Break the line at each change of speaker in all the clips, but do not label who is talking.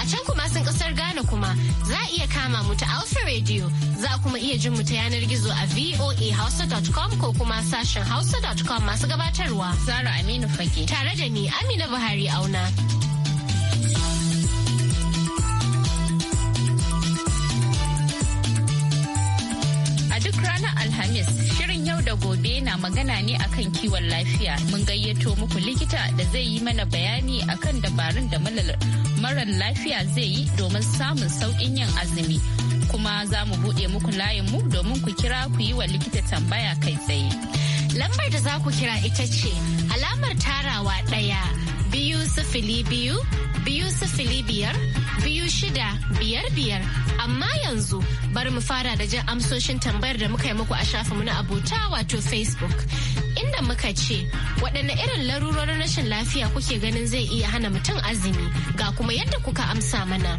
A can kuma sun kasar Ghana kuma za a iya kama mu ta Alpha Radio za kuma iya jin mu ta yanar gizo a voahausa.com ko kuma sashen hausa.com masu gabatarwa. Zara Aminu Fage. Tare da ni Amina Buhari Auna. A duk ranar Alhamis shirin yau da gobe na magana ne akan kiwon lafiya. Mun gayyato muku likita da zai yi mana bayani akan dabarun da marar lafiya zai yi domin samun sauƙin yin azumi kuma za mu buɗe muku layin mu domin ku kira ku yi wa likita tambaya kai tsaye. Lambar da za ku kira ita ce alamar tarawa ɗaya biyu sifili biyu biyu sifili biyar biyu shida biyar biyar amma yanzu bari mu fara da jin amsoshin tambayar da muka yi muku a shafinmu na abota wato Facebook. inda muka ce waɗanne irin larurorin rashin lafiya kuke ganin zai iya hana mutum azumi ga kuma yadda kuka amsa mana.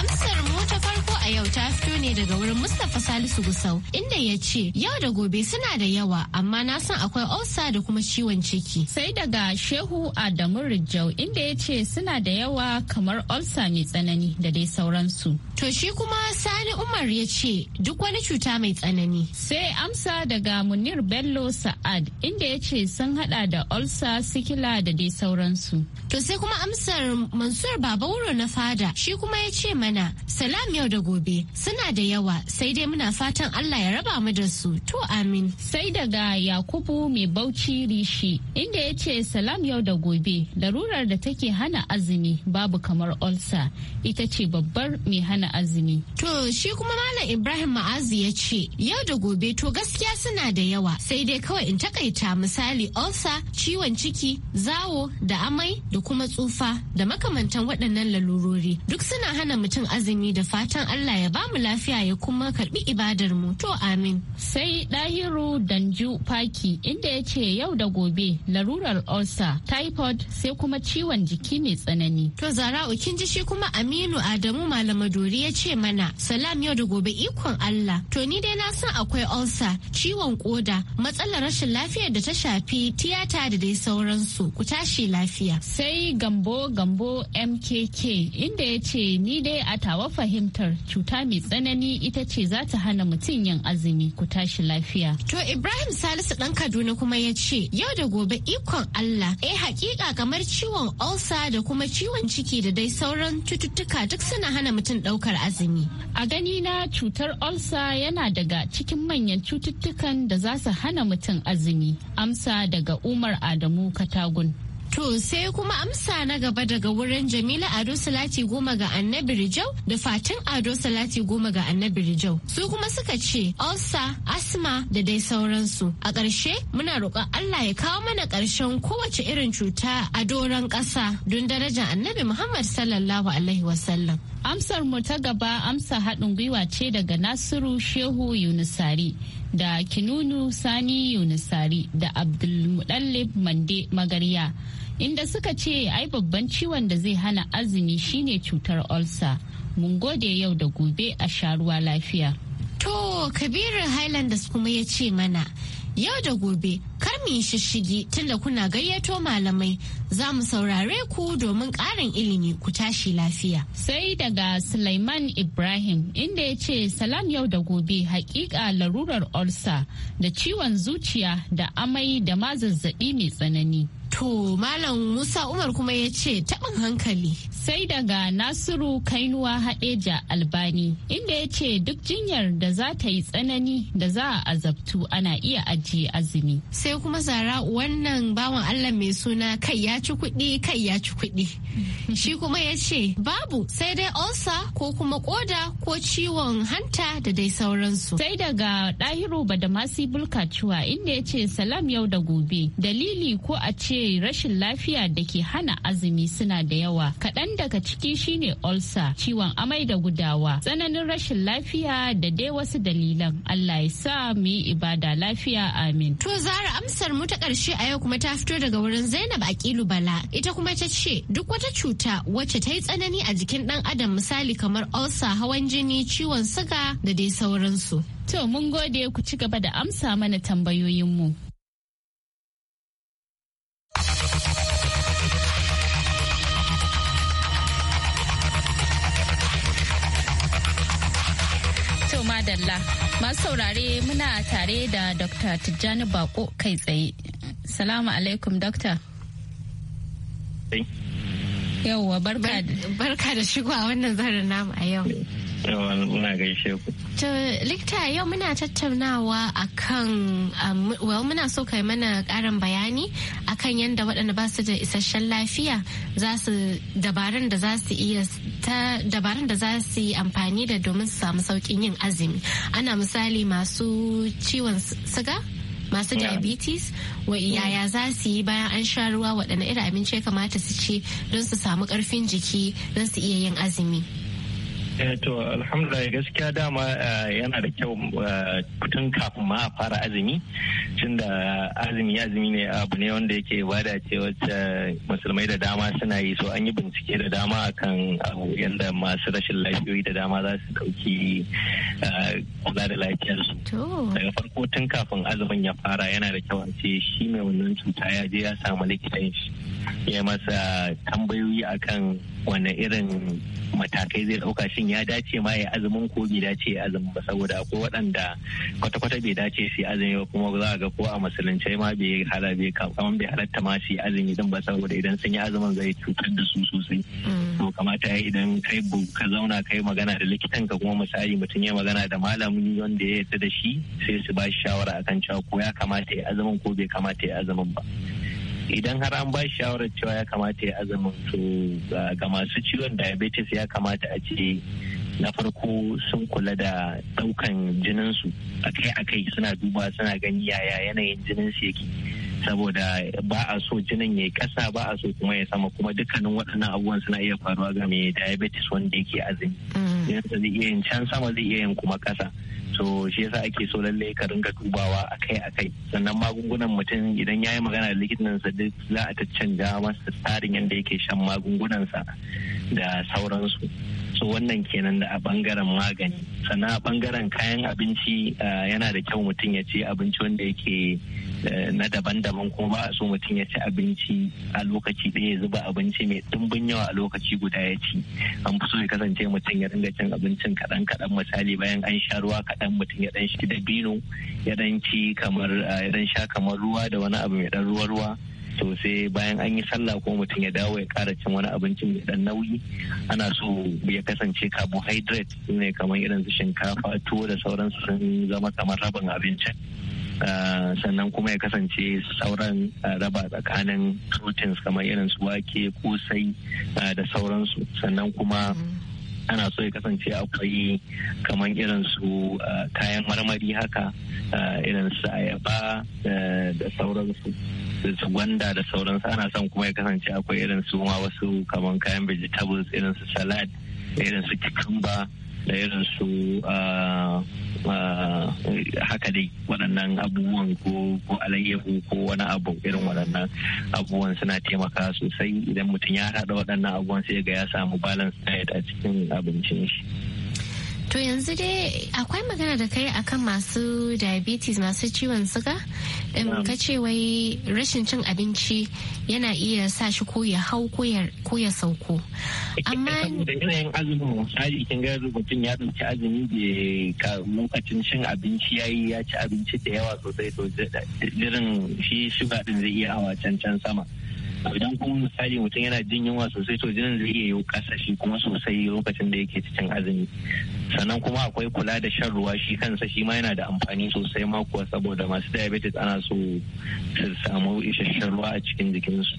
Amsar mu ta farko a yau ta ne daga wurin Mustapha Salisu Gusau inda ya ce yau da gobe suna da yawa amma na san akwai ulsa da kuma ciwon ciki. Sai daga Shehu Adamu Rijau inda ya ce suna da yawa kamar ulsa mai tsanani da dai sauransu. To shi kuma Sani Umar ya ce duk wani cuta mai tsanani. Sai amsa daga Munir Bello Sa'ad inda ya ce sun hada da ulsa sikila da dai sauransu. To sai kuma amsar Mansur wuro na fada shi kuma ya ce mana salam yau da gobe suna da yawa sai dai muna fatan Allah ya raba mu da su to amin. Sai daga Yakubu mai bauchi rishi inda yace salam yau da gobe larurar da take hana azumi babu kamar olsa ita ce babbar mai hana azumi. To shi kuma Malam Ibrahim Ma'azi ya ce yau da gobe to gaskiya suna da yawa sai dai kawai in takaita misali olsa ciwon ciki zawo da amai da kuma tsufa da makamantan waɗannan lalurori duk suna hana mutum azumi da fatan Allah ya ba mu lafiya. lafiya ya kuma karbi ibadar mu to amin sai dahiru danju faki inda ya ce yau da gobe larurar ulcer typhoid sai kuma ciwon jiki mai tsanani to zara'u ukin ji shi kuma aminu adamu malamadori ya ce mana salam yau da gobe ikon allah to ni dai na san akwai ulcer ciwon koda matsalar rashin lafiyar da ta shafi tiyata da dai sauransu ku tashi lafiya sai gambo gambo mkk inda ya ce ni dai a tawa fahimtar cuta mai tsanani tsanani ita ce za ta hana mutum yin azumi ku tashi lafiya. To Ibrahim Salisu ɗan Kaduna kuma ya ce yau da gobe ikon Allah eh hakika kamar ciwon ulsa da kuma ciwon ciki da dai sauran cututtuka duk suna hana mutum ɗaukar azumi. A gani na cutar ulsa yana daga cikin manyan cututtukan da za su hana mutum azumi. Amsa daga Umar Adamu Katagun. To sai kuma amsa na gaba daga wurin Jamila Ado Salati goma ga Annabi Rijau da Fatin Ado Salati goma ga Annabi Rijau. Su kuma suka ce ulcer, asma da dai sauransu. A ƙarshe muna roƙon Allah ya kawo mana ƙarshen kowace irin cuta a doron ƙasa don darajar Annabi Muhammad sallallahu alaihi wasallam. Amsar mu ta gaba amsa haɗin gwiwa ce daga Nasiru Shehu Yunusari da Kinunu Sani Yunusari da Abdulmuɗallib Mande Magarya. inda suka ce ai babban ciwon da zai hana azumi shine cutar olsa mun gode yau da gobe a sharuwa lafiya to kabirin highlanders kuma ya ce mana yau da gobe kar mu yi shishigi tunda kuna gayyato malamai za mu saurare ku domin ƙarin ilimi ku tashi lafiya. Sai daga Sulaiman Ibrahim inda ya ce salam yau da gobe hakika larurar olsa da ciwon zuciya da amai da ma zazzabi mai tsanani. To Malam Musa Umar kuma ya ce taɓin hankali. Sai daga Nasiru Kainuwa Haɗeja Albani inda ya ce duk jinyar da za ta yi tsanani da za a azabtu ana iya ajiye azumi. Sai kuma zara wannan bawan Allah mai suna kai ya ci kuɗi kai ya ci kuɗi. Shi kuma ya ce babu sai dai olsa ko kuma koda ko ciwon hanta da dai sauransu. Sai daga Ɗahiru Badamasi Bulkacuwa inda ya ce salam yau da gobe dalili ko a ce rashin lafiya da ke hana azumi suna da yawa kaɗan daga ciki shine olsa ciwon amai da gudawa tsananin rashin lafiya da dai wasu dalilan allah ya sa mu yi ibada lafiya amin to zara amsar mu ta ƙarshe a yau kuma ta fito daga wurin zainab akilu bala ita kuma ta ce duk wata cuta wacce ta yi tsanani a jikin ɗan adam misali kamar olsa hawan jini ciwon suga da dai sauransu to mun gode ku ci gaba da amsa mana tambayoyinmu. Masu saurare muna tare da Dr. Tijjani Bako kai tsaye. Salamu alaikum Dokta. Yauwa barka da shigowa wannan zarar namu a yau.
muna gaishe ku.
To likta yau muna tattaunawa akan kan um, well muna so kai mana karin bayani akan yadda waɗanda ba su da isasshen lafiya za su dabarun da za su yi amfani da domin su samu saukin yin azumi. Ana misali masu ciwon siga masu diabetes wa yaya za su yi bayan an sha ruwa waɗanne irin abinci ya kamata su ci don su samu ƙarfin jiki don su iya yin azumi.
Eh, to alhamdulillah gaskiya dama eh, yana da kyau eh, tun kafin ma a fara azumi tunda azumi azumi ne abu ne wanda yake bada ce wacce musulmai da dama suna yi so an yi bincike da dama akan abu yadda masu rashin lafiyoyi da dama za su dauki kula da lafiyarsu daga farko tun kafin azumin ya fara yana da kyau a ce shi mai wannan cuta ya je ya samu likitan shi ya masa tambayoyi akan wani irin matakai zai ɗauka shin ya dace ma ya azumin ko bai dace ya azumin ba saboda ko waɗanda kwata-kwata bai dace su azumi ba kuma za a ga ko a musulunce ma bai hada bai kamar bai halatta ma su azumi din ba saboda idan sun yi azumin zai cutar da su sosai mm. to kamata ya idan kai ka zauna kai magana da likitan ka kuma misali mutum ya magana da malami wanda ya yarda da shi sai su ba shi shawara akan cewa ko ya kamata ya azumin ko bai kamata ya azumin ba idan har an ba shawarar cewa ya kamata ya azumin to uh, ga masu ciwon diabetes ya kamata a ce na farko sun kula da daukan jininsu akai-akai suna duba suna gani yaya yanayin jininsu yake saboda ba a so jinin ya kasa ba a so kuma ya sama kuma dukkanin waɗannan abubuwan suna iya faruwa ga mai diabetes wanda yake azumi yanzu mm. zai iya yin can sama zai iya yin kuma ƙasa. so shi yasa ake so lalle ka ringa dubawa akai akai sannan magungunan mutum idan ya yi magana da likitan sa duk za a canza masa tsarin yadda yake shan magungunan sa da sauransu so wannan kenan da a bangaren magani sannan a bangaren kayan abinci ah, yana da kyau mutum ya ci abinci wanda yake Eh, na daban-daban kuma ba a so mutum ya ci abinci a lokaci ɗaya ya zuba abinci mai ɗumbin yawa a lokaci guda ya ci an fi so ya kasance mutum ya dinga cin abincin kaɗan kaɗan misali bayan an sha ruwa kaɗan mutum ya ɗan shi dabino ya ɗan ci kamar eh, ya ɗan sha kamar ruwa da wani abu mai ɗan ruwa-ruwa to sai bayan an yi sallah ko mutum ya dawo ya kara cin wani abinci mai ɗan nauyi ana so ya kasance carbohydrate ne kamar irin shinkafa tuwo da sauransu sun zama kamar rabin abincin Eh, sannan kuma ya kasance sauran eh, raba tsakanin proteins kamar irin su wake kosai eh, da sauransu sannan kuma ana so ya kasance akwai kamar irin su kayan marmari haka irin su ayaba da sauransu su gwanda da sauransu ana son kuma ya kasance akwai irin su ma wasu kamar kayan vegetables irin su salad irin su cucumber da irin su haka dai waɗannan abubuwan ko alayyahu ko wani abu irin waɗannan abubuwan suna taimaka sosai idan mutum ya haɗa waɗannan abubuwan sai ga ya samu balance diet a cikin abincin shi.
To yanzu dai akwai magana da kai akan masu diabetes masu ciwon suga? ka ce wai rashin cin abinci yana iya sa shi ko ya hau ko ya sauko.
Amma da yanayin azumin misali kin ga mutum ya ɗauki azumi da lokacin cin abinci ya yi ya ci abinci da yawa sosai to jirin shi shuga ɗin zai iya hawa can can sama. idan kuma misali mutum yana jin yunwa sosai to jinin zai iya yiwu ƙasa kuma sosai lokacin da yake cikin azumi sannan kuma akwai kula da shan ruwa shi kansa shi ma yana da amfani sosai ma kuwa saboda masu diabetes ana so su samu isasshen ruwa a cikin jikinsu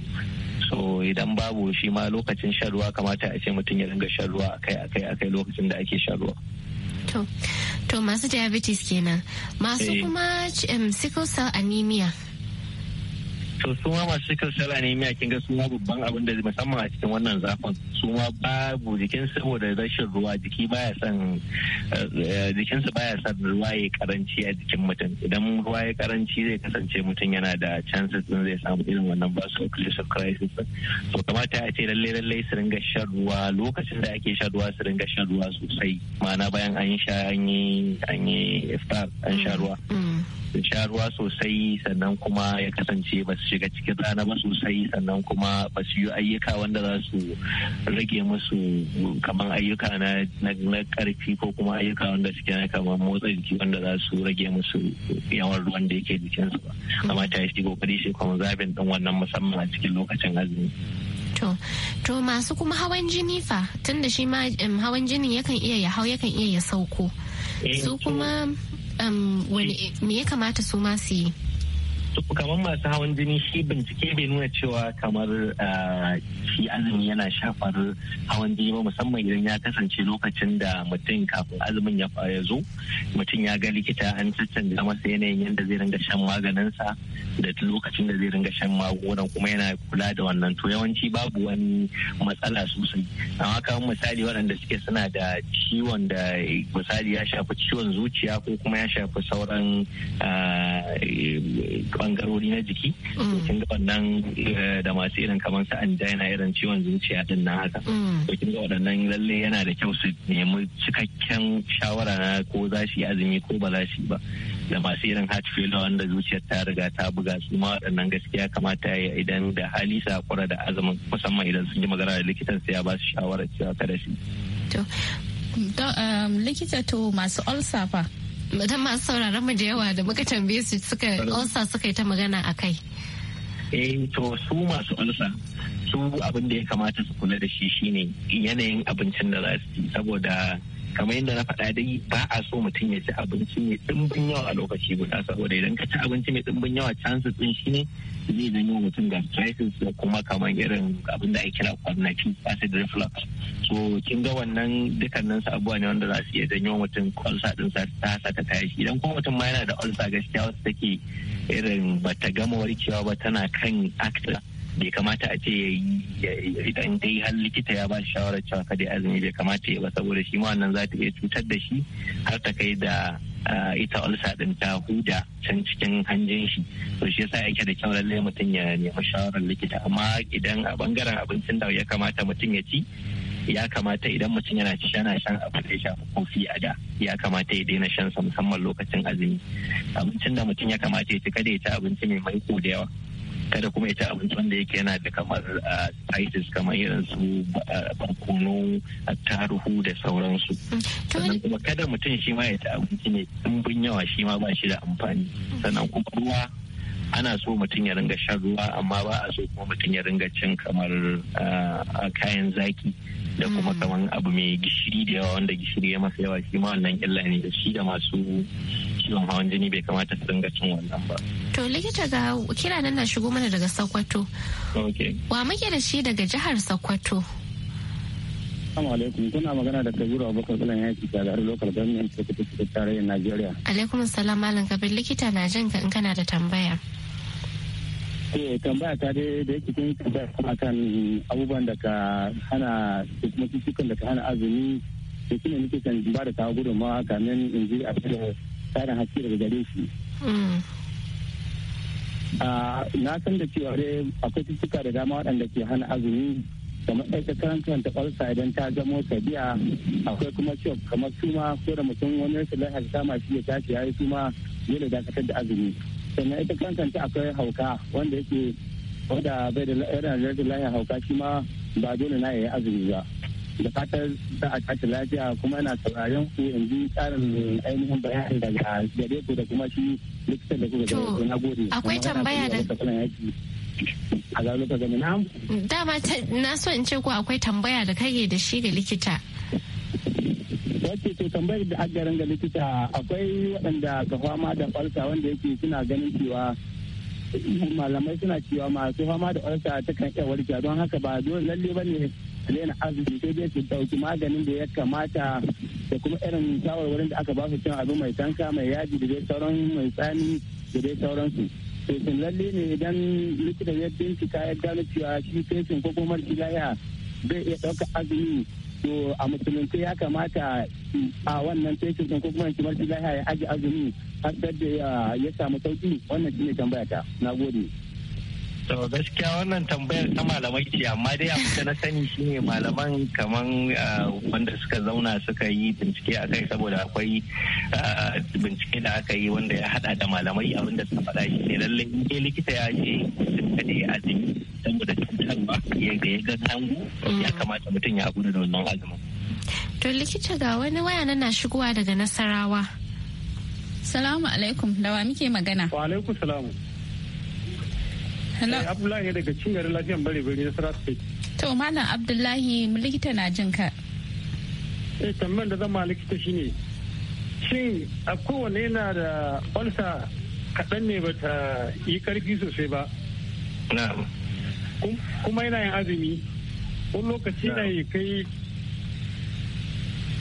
so idan babu shi ma lokacin shan ruwa kamata a ce mutum ya dinga shan ruwa akai akai akai lokacin da ake shan ruwa
to to masu diabetes kenan masu eh. kuma sickle cell anemia
to su ma masu cikin sala ne miya kin ga su ma babban abin da musamman a cikin wannan zafin su ma babu jikin saboda rashin ruwa jiki baya son eh, eh, jikin su baya son ruwa ya karanci a jikin mutum idan ruwa ya karanci zai kasance mutum yana da chances din zai samu irin wannan ba su crisis to kamata a ce lalle lalle su ringa shan ruwa lokacin da ake shan ruwa su ringa shan ruwa sosai ma'ana bayan an sha an yi an yi iftar an sha ruwa mm, mm. sha ruwa sosai sannan kuma ya kasance ba su shiga cikin rana ba sosai sannan kuma ba su yi ayyuka wanda za su rage musu kamar ayyuka na karfi ko kuma ayyuka wanda suke na kamar motsa jiki wanda za su rage musu yawan ruwan da yake jikinsu ba amma ta shi kokari shi kuma zafin din wannan musamman a cikin lokacin azumi
to masu kuma hawan jini fa tunda shi ma hawan jini yakan iya ya hau yakan iya ya sauko eh, su kuma me ya kamata su ma
su yi su masu hawan jini shi bincike bai nuna cewa kamar ah, shi azumi yana shafar hawan jini ba musamman idan ya kasance lokacin da mutum kafin azumin ya ya zo mutum ya ga likita an cancanta masa yanayin yadda zai ringa shan maganinsa da lokacin da zai ringa shan magunan kuma yana kula da wannan to yawanci babu wani matsala sosai amma kamar misali waɗanda suke suna da ciwon da misali ya shafi ciwon zuciya ko kuma ya shafi sauran ah, bangarori na jiki mm. kin ga wannan eh, da masu irin kamar su angina irin ciwon zuciya din na haka mm. to kin ga waɗannan lalle yana da kyau su nemi cikakken shawara na ko za shi azumi ko ba za shi ba da masu irin heart failure wanda zuciyar ta riga ta buga su ma waɗannan gaskiya kamata ya idan da hali sa da azumin musamman idan sun yi magana da likitan sai ya ba su shawara cewa kada shi.
Um, likita to masu ulcer fa dan masu sauraron mu da yawa da muka tambaye su suka ulsa suka yi ta magana a kai
eh to su masu ulsa su abin da ya kamata su kula da shi shine yanayin abincin da za su ci saboda kamar yadda na faɗa dai ba a so mutum ya ci abinci mai ɗumbin yawa a lokaci guda saboda idan ka ci abinci mai ɗumbin yawa chances ɗin shi ne zai janyo mutum gastritis da kuma kamar irin abin da ake kira kwarnaki acid reflux so kin ga wannan dukkanin abubuwa ne wanda za su iya janyo mutum ulcer ɗin sa ta sa ta tashi idan kuma mutum ma yana da ulcer gaskiya wasu take irin bata gama warkewa ba tana kan active bai kamata a ce yi idan dai har likita ya ba shi shawarar cewa kada ya azumi bai kamata ya ba saboda shi ma wannan za ta iya cutar da shi har ta kai da ita ulsa din ta huda can cikin hanjin shi to shi yasa yake da kyau lallai mutum ya nemi shawarar likita amma idan a bangaren abincin da ya kamata mutum ya ci ya kamata idan mutum yana ci yana shan abu da ya shafi kofi a da ya kamata ya daina shan sa musamman lokacin azumi abincin da mutum ya kamata ya ci kada ya ci abinci mai maiko da yawa kada kuma ita abinci wanda yake yana da kamar spices kamar irin su barkono taruhu da sauransu mm. sannan kuma kada mutum shi ma ya ci abinci ne dumbin yawa shi ma ba shi da amfani mm. sannan kuma ruwa ana so mutum ya ringa shan ruwa amma ba a so kuma mutum ya ringa cin kamar kayan zaki da kuma mm. kamar abu mai gishiri da yawa wanda gishiri ya masa yawa shi ma wannan illa ne da shi da masu ciwon hawan jini bai kamata su ringa cin wannan ba.
To likita ga kira nan na shigo mana daga Sokoto. Wa muke da shi daga jihar Sokoto?
Assalamu alaikum kuna magana da Kabiru Abubakar Bulan yaki da garin local government Sokoto ta tarayyar Najeriya.
Alaikum salam malam Kabir likita na jin ka in kana da tambaya.
Eh tambaya ta dai da yake kin tambaya akan abubuwan da ka hana kuma cikin da ka hana azumi da kuma nake kan ba da ta gudunmawa kamin in ji a cikin tsarin hakki daga gare shi. Mm. Ah, na san da cewa dai akwai cututtuka da dama waɗanda ke hana azumi kamar ita kankan ta ƙwarsa idan ta zamo tabiya akwai kuma ciwo kamar suma ko da mutum wani rashin lahar ta kama shi ya tashi ya yi suma da dakatar da azumi sannan ita karanta ta akwai hauka wanda yake wanda bai da rashin lahar hauka shi ma ba dole na ya yi azumi ba da fatar za a tashi lafiya kuma ina sauraron ku in ji tsarin ainihin bayani daga gare ku da kuma shi likitan da kuka ga na gode akwai tambaya da a zaluka gani na
dama na so in ce ko akwai tambaya da kake da shi da likita
wacce ce tambayar da aka ga likita akwai waɗanda ka fama da falsa wanda yake suna ganin cewa malamai suna cewa masu fama da ulsa ta kan iya warke don haka ba dole lalle ba ne. daina azumi sai dai su dauki maganin da ya kamata da kuma irin shawarwarin da aka ba su cin abu mai tanka mai yaji da dai sauran mai tsani da dai sauransu to sun lalle ne idan likita ya bincika ya gano cewa shi fesin ko kuma marci lafiya bai iya ɗauka azumi to a musulunci ya kamata a wannan fesin ko kuma marci lafiya ya aji azumi har da ya samu sauki wannan shi ne tambaya ta na gode.
so gaskiya wannan tambayar ta malamai ce amma dai abu da na sani shine malaman kaman ah, wanda suka zauna suka yi bincike a kai saboda akwai ah, bincike da aka yi wanda ya hada da malamai abin da suka faɗa shi ne lalle in ke likita ya ce ka ne jini saboda cutarwa ya ga ya ga ya kamata mutum ya haƙura da wannan azumin.
To likita ga wani waya na shigowa daga Nasarawa. Salamu alaikum da wa muke magana? Wa alaikum
salamu. Eh, Abdullahi ne daga cin garin lafiyan bare bare na Sarat State.
To Malam Abdullahi likita na jin ka.
Eh tambayar da zama likita shine shin a kowane yana da ulsa kaɗan ne ba ta yi ƙarfi sosai ba. Kuma yana yin azumi. Wani lokaci na yi kai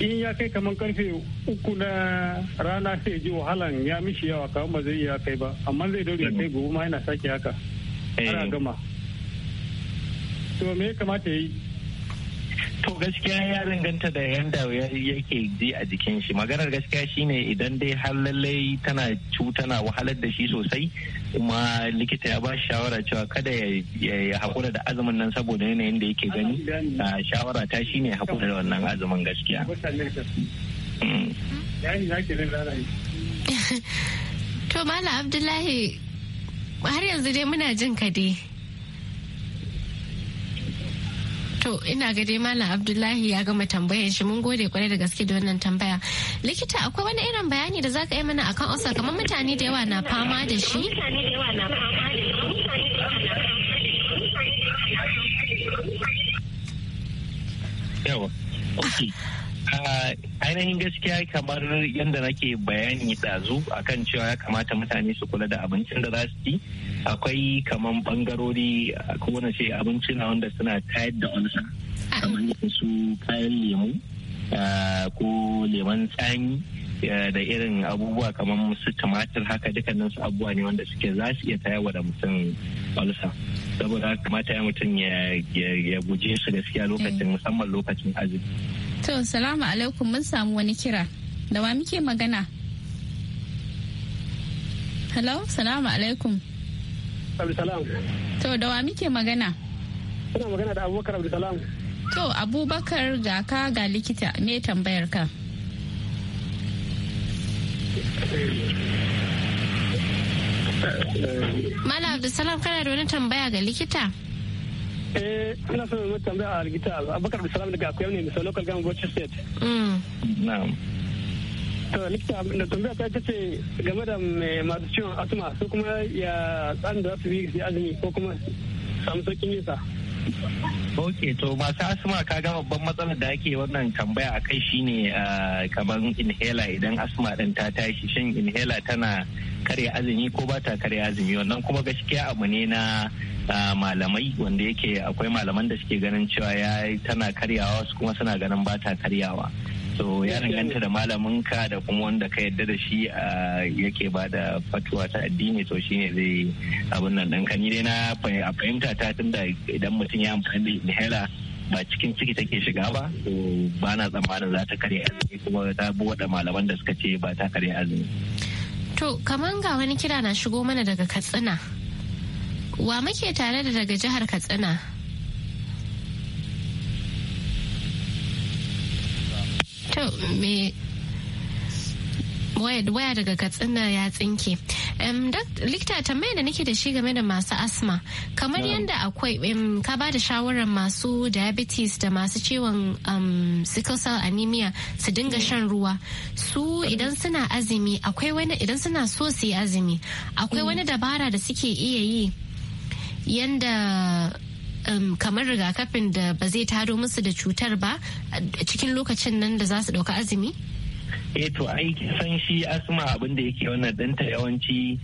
in ya kai kamar karfe uku na rana sai ji wahalan ya mishi yawa kamar ba zai iya kai ba amma zai daure kai gobe ma yana sake haka. to me
ya kamata yi to gaskiya ya danganta da yanda yake ji a jikin shi maganar gaskiya shine idan dai har lallai tana cutana wahalar da shi sosai kuma likita ya ba shi shawara cewa kada ya haƙura da azumin nan saboda yanayin da yake gani ah, shawara ta shine haƙura da wannan azumin gaskiya mm.
to mala abdullahi har yanzu dai muna jin ka dai To ina ga dai Malam Abdullahi ya gama tambayar shi mun gode kwarai da gaske da wannan tambaya. Likita akwai wani irin bayani da zaka yi mana akan osa kamar mutane da yawa na fama da shi?
Yawa. ainihin gaskiya kamar yadda nake bayani ɗazu akan cewa ya kamata mutane su kula da abincin da za su ci akwai kamar bangarori ko na ce abincin wanda suna tayar da ulsa kamar su kayan lemu ko lemon tsami da irin abubuwa kamar su tumatir haka dukkanin su abubuwa ne wanda suke za su iya tayarwa da mutum ulsa saboda kamata ya mutum ya guje su gaskiya lokacin musamman lokacin azumi
To, salamu alaikum mun samu wani kira. Da wa muke magana? Hello, salamu alaikum. Abdulsalam. To, da wa muke magana?
Ina magana da Abubakar Abdulsalam.
To, Abubakar ga ka ga likita ne tambayar ka? Mala Abdulsalam kana da wani tambaya ga likita?
eh ina so mai tambaya a rigita abubakar bisalam daga akwai ne misal local government bauchi state
mm. na'am
to likita da tambaya ta ce game da masu ciwon asma su kuma ya tsarin da za su bi su azumi ko kuma samu sauƙin yinsa
ok to masu asma ka ga babban matsalar da ake wannan tambaya a kai shine ah, kamar inhaler idan asma din ta tashi shin inhaler tana karya azumi ko ba ta karya azumi wannan kuma gaskiya abu ne na malamai wanda yake akwai malaman da suke ganin cewa ya tana karyawa su kuma suna ganin ba ta karyawa so ya danganta da malamin ka da kuma wanda ka yadda da shi yake ba da fatuwa ta addini to shine zai abin nan ɗan kani dai na fahimta ta tun da idan mutum ya amfani da inhaler ba cikin ciki take shiga ba to ba na tsammanin za ta karya azumi kuma ta bi da malaman da suka ce ba ta karya azumi.
To kaman ga wani kira na shigo mana daga Katsina. Wa muke tare da daga jihar Katsina? To, me waya daga katsina ya tsinke likta tambayar da nake da shi game da masu asma kamar yadda akwai ka ba da shawarar masu diabetes da masu ciwon sickle cell anemia su dinga shan ruwa su idan suna azumi akwai wani idan suna so su yi azumi akwai mm. wani dabara da suke iya yi yanda um, kamar rigakafin da ba zai tado musu da cutar ba cikin lokacin nan da za su ɗauka azumi?
eh to ai san shi asma abin da yake wannan danta yawanci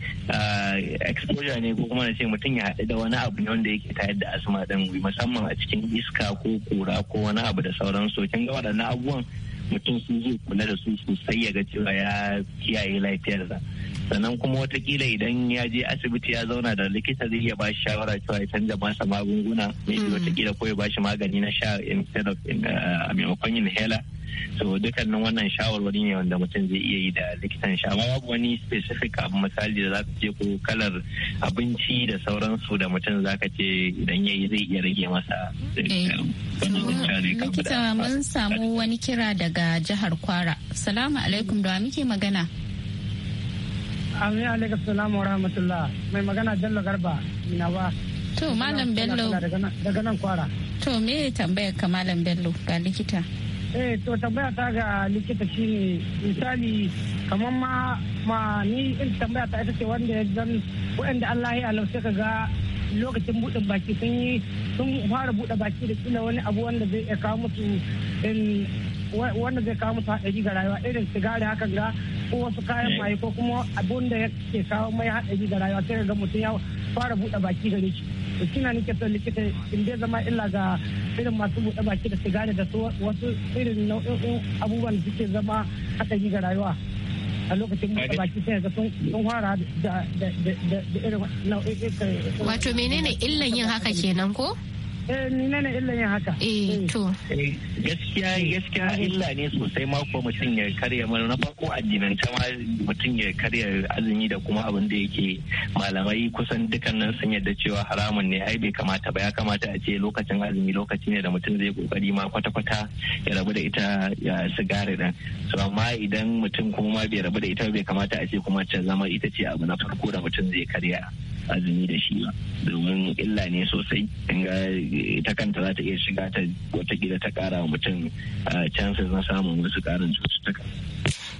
exposure ne ko kuma na ce mutum ya haɗu da wani abu ne wanda yake tayar da asma ɗin musamman a cikin iska ko kura ko wani abu da sauransu kin ga waɗannan abubuwan mutum sun zai kula da su sosai ya ga cewa ya kiyaye lafiyarsa sannan kuma watakila idan ya je asibiti ya zauna da likita zai iya bashi shawara cewa ya canza masa magunguna maybe hmm. watakila ko ya bashi magani na sha instead of a uh, maimakon hela so dukkanin wannan shawarwari ne wanda mutum zai iya yi da likitan sha amma babu wani specific abu misali da zaka ce ko kalar abinci da sauransu da mutum zaka ce idan ya yi zai iya rage masa eh, eh, likita mun
samu wani kira daga jihar kwara salamu alaikum da muke magana
Amin alaikum salamu wa rahmatullah mai magana Bello Garba ina ba. To Malam Bello. Daga nan kwara. To me tambayar ka Malam Bello ga likita? Eh to tambaya ta ga likita shi ne misali kamar ma ma ni in tambaya ta ita ce wanda ya zan waɗanda Allah ya alau sai ka ga lokacin buɗe baki sun yi sun fara buɗe baki da kila wani abu wanda zai iya kawo musu wanda zai kawo musu haɗari ga rayuwa irin sigari haka ga ko wasu kayan eh. maye ko kuma abun da ke kawo mai haɗari da rayuwa sai ga mutum ya fara buɗe baki gare shi to kina ni son likita in dai zama illa ga irin masu buɗe baki da sigari da wasu irin nau'in abubuwan da suke zama haɗari ga rayuwa a lokacin buɗe baki sai ga sun fara da irin nau'in wato
menene illan yin haka kenan ko
eh menene illan haka eh, eh. to
eh, gaskiya gaskiya illa ne sosai ma ko mutum ya karya mana na farko addinance ma mutum ya karya azumi da kuma abin da yake malamai kusan dukkanin sun yadda cewa haramun ne ai bai kamata ba ya kamata a ce lokacin azumi lokaci ne da mutum zai kokari ma kwata-kwata ya rabu da ita ya sigari din so amma idan mutum kuma bai rabu da ita bai kamata a ce kuma ta zama ita ce abu na farko da mutum zai karya azumi da shi ba domin illa ne sosai ga ita kanta za ta iya shiga ta gida ta kara wa mutum chances na samun wasu karin cututtuka.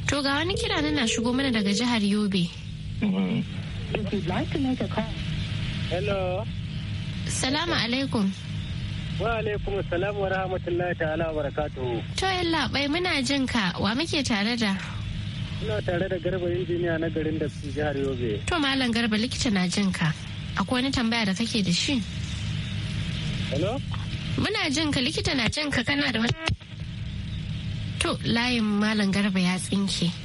to ga wani kira na shigo mana daga jihar yobe.
Mm-hmm.
hello.
salamu alaikum.
wa alaikum salam wa rahmatullahi ta'ala wa barakatuhu.
to yalla bai muna jin ka wa muke tare da.
Ina tare da Garba injiniya na garin da jihar Yobe.
To Malam Garba likita na jin ka. Akwai wani tambaya da kake da shi? Hello? Muna jin ka likita na jin ka kana da wani. To layin Malam Garba ya tsinke.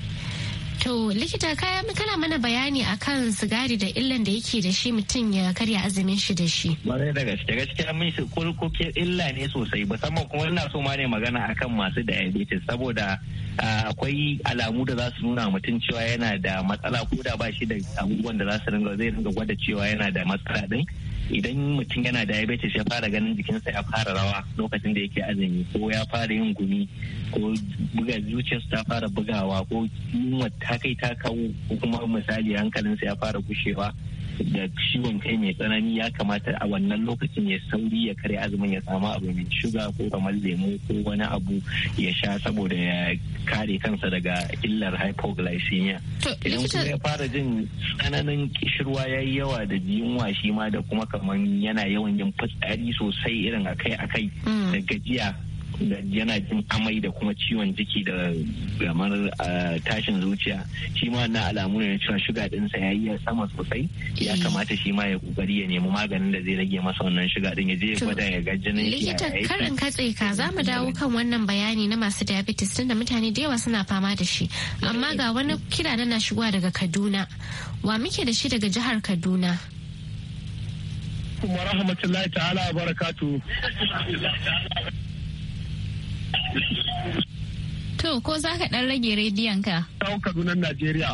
To likita kaya kana mana bayani akan sigari da illan da yake da shi mutum ya karya azumin shi da shi.
Bare da gaske gaskiya mun shi illa ne sosai musamman kuma ina so ma ne magana akan masu diabetes saboda akwai alamu da za su nuna mutum cewa yana da matsala ko da ba shi da abubuwan da za su ringa zai ringa gwada cewa yana da matsala din idan mutum yana diabetes ya fara ganin jikinsa ya fara rawa lokacin da yake azumi ko ya fara yin gumi ko buga zuciyarsa ta fara bugawa ko yunwa ta kai ta kawo ko kuma misali hankalinsa ya fara gushewa da ciwon kai mai tsanani ya kamata a wannan lokacin ya sauri ya karya azumin ya samu abu mai shuga ko kamar lemu ko wani abu ya sha saboda ya kare kansa daga illar hypoglycemia idan kuma ya fara jin tsananin kishirwa ya yi yawa da yunwa shi ma da kuma kamar yana yawan yin fitsari sosai irin akai-akai mm. da gajiya yana jin amai da kuma ciwon jiki da gamar eh, tashin zuciya shi ma na alamu ne cewa shuga dinsa ya yi sama sosai ya mm. kamata shi ma ya kokari ya nemi maganin da zai rage masa wannan shiga din ya je ya gwada ya ga jinin shi likita karin katse
ka za mu dawo kan wannan bayani na masu diabetes tunda mutane da yawa suna fama da shi amma ga wani kira na shigowa daga Kaduna wa muke da shi daga jihar Kaduna
Kuma rahmatullahi ta'ala barakatu.
To, ko za ka ɗan rage rediyon ka?
Kawo Kadunan Najeriya.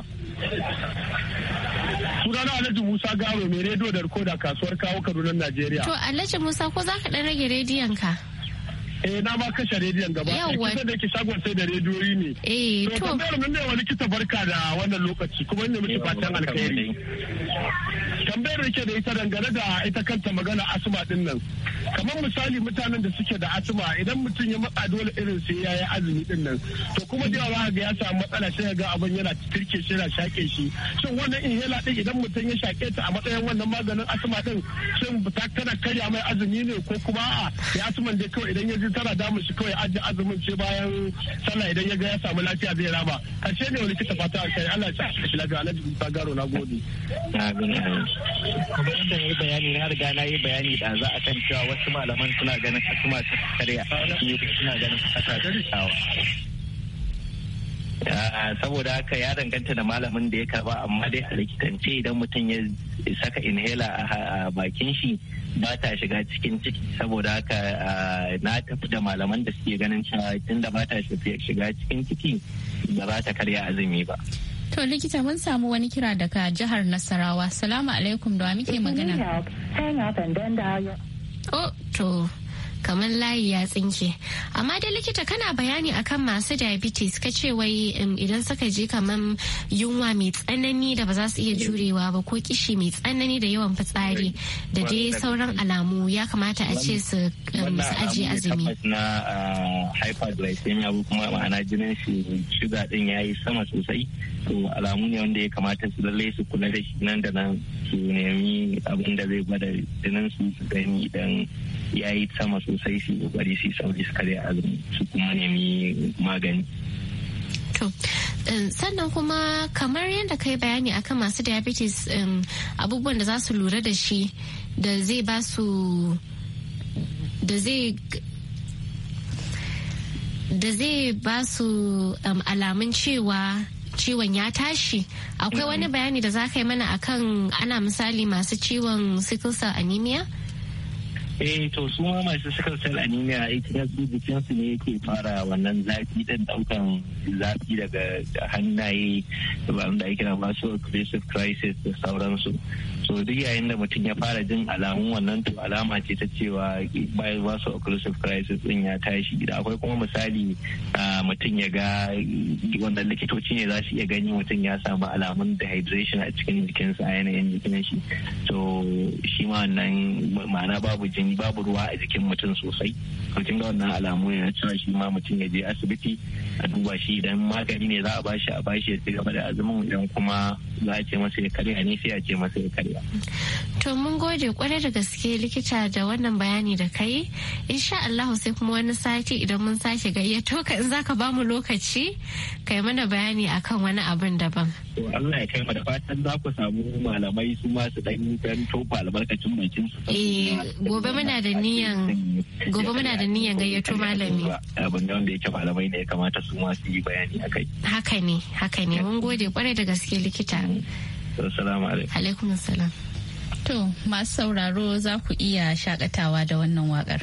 Sunana Alhaji Musa Garo mai rediyo da rikoda kasuwar kawo Kadunan Najeriya. To,
Alhaji Musa ko za ka ɗan rage rediyon
ka? eh na ma kashe rediyon gaba ɗaya kusa da ke shagon sai da rediyoyi ne eh to tambayar mun ne wani kita barka da wannan lokaci kuma ne miki fatan alkhairi tambayar da ke da ita dangane da ita kanta magana asma din nan kamar misali mutanen da suke da asma idan mutum ya matsa dole irin sai ya yi azumi din nan to kuma da yawa ga ya samu matsala sai ga abin yana tirke shi yana shake shi shin wannan inhaler din idan mutum ya shake ta a matsayin wannan maganin asma din shin ta tana karya mai azumi ne ko kuma a ya asman da kawai idan ya ji tana damun shi kawai aji azumin sai bayan sallah idan ya ga ya samu lafiya zai raba karshe ne wani kita fata kai Allah ya sa shi lafiya Allah ya Garo na gode amin amin
kuma inda yi bayani na riga na yi bayani da za a kan cewa wasu malaman suna ganin su ta karya suna ganin kasa da ah, saboda haka ya danganta da malamin da ya karba amma dai a likitance idan mutum ya saka inhaler a bakin shi ba ta shiga cikin ciki saboda haka ah, na tafi da malaman da suke ganin cewa tun da ba ta shiga cikin ciki ba za ta karya azumi ba.
To likita mun samu wani kira daga jihar Nasarawa. Salamu alaikum da wa muke magana. 哦，就。kamar layi ya tsinke amma da likita kana bayani akan masu diabetes ka ce wai um, idan suka je kamar yunwa mai tsanani da ba za su iya jurewa ba ko kishi mai tsanani da yawan fitsari da dai sauran alamu ya kamata a ce su
um, ajiye azumi na uh, hyperglycemia ko kuma ma'ana jinin shi shuga din yayi sama sosai to alamu ne wanda ya kamata su lalle su kula da shi nan da nan su nemi abin da zai gwada jinin su su gani idan ya yi sama sosai su kokari su sauri su karya azumi su kuma nemi magani
um, sannan kuma kamar yadda ka yi bayani akan masu diabetes um, abubuwan da za su lura da shi da zai ba su da zai da zai ba su um, alamun cewa ciwon ya tashi akwai wani mm-hmm. bayani da za ka yi mana akan ana misali masu ciwon sickle cell anemia
eh to su ma masu sickle cell anemia ita su jikin su ne yake fara wannan zafi dan daukan zafi daga hannaye wanda ake kira masu aggressive crisis da sauransu so duk yayin da mutum ya fara jin alamun wannan to alama ce ta cewa wasu occlusive crisis din ya tashi gida akwai kuma misali mutum ya ga wannan likitoci ne za su iya gani mutum ya samu alamun dehydration a cikin jikinsa a yanayin jikin shi so shi ma wannan ma'ana babu jini babu ruwa a jikin mutum sosai to kin ga wannan alamu ne na cewa shi ma mutum ya je asibiti a duba shi idan magani ne za a bashi a bashi ya ci gaba da azumin idan kuma za a ce masa ya karya ne sai a ce masa ya karya.
To mun gode kwarai da gaske likita da wannan bayani da kai insha Allah sai kuma wani sati idan mun sake gayyato ka in zaka mu lokaci kai mana bayani akan wani abin daban.
To Allah ya kai mu da fatan za ku samu malamai su ma su dan dan tofa albarkacin bakin su.
Eh gobe muna da niyan gobe muna da niyan gayyato malami.
Abin da wanda yake malamai ne ya kamata su ma su yi bayani akai.
Haka ne haka ne mun gode kwarai da gaske likita. amin
assalamu alaikum
alaikum assalam to masu sauraro za ku iya shakatawa da wannan wakar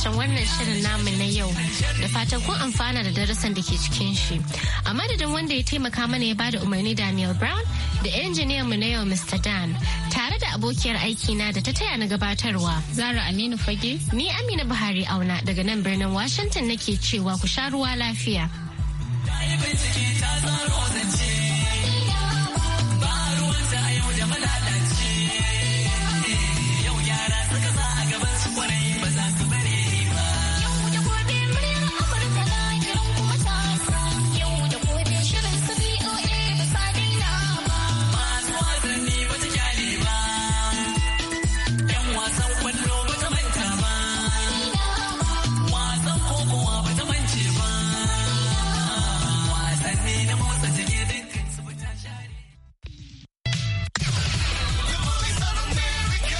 ƙarshen wannan shirin namu na yau da fatan kun amfana da darasin da ke cikin shi. A madadin wanda ya taimaka mana ya bada umarni Daniel Brown da injiniyan mu na yau Mr. Dan tare da abokiyar aiki na da ta taya na gabatarwa. Zara Aminu Fage. Ni Amina Buhari Auna daga nan birnin Washington nake cewa ku sha ruwa lafiya.
ta zaro zance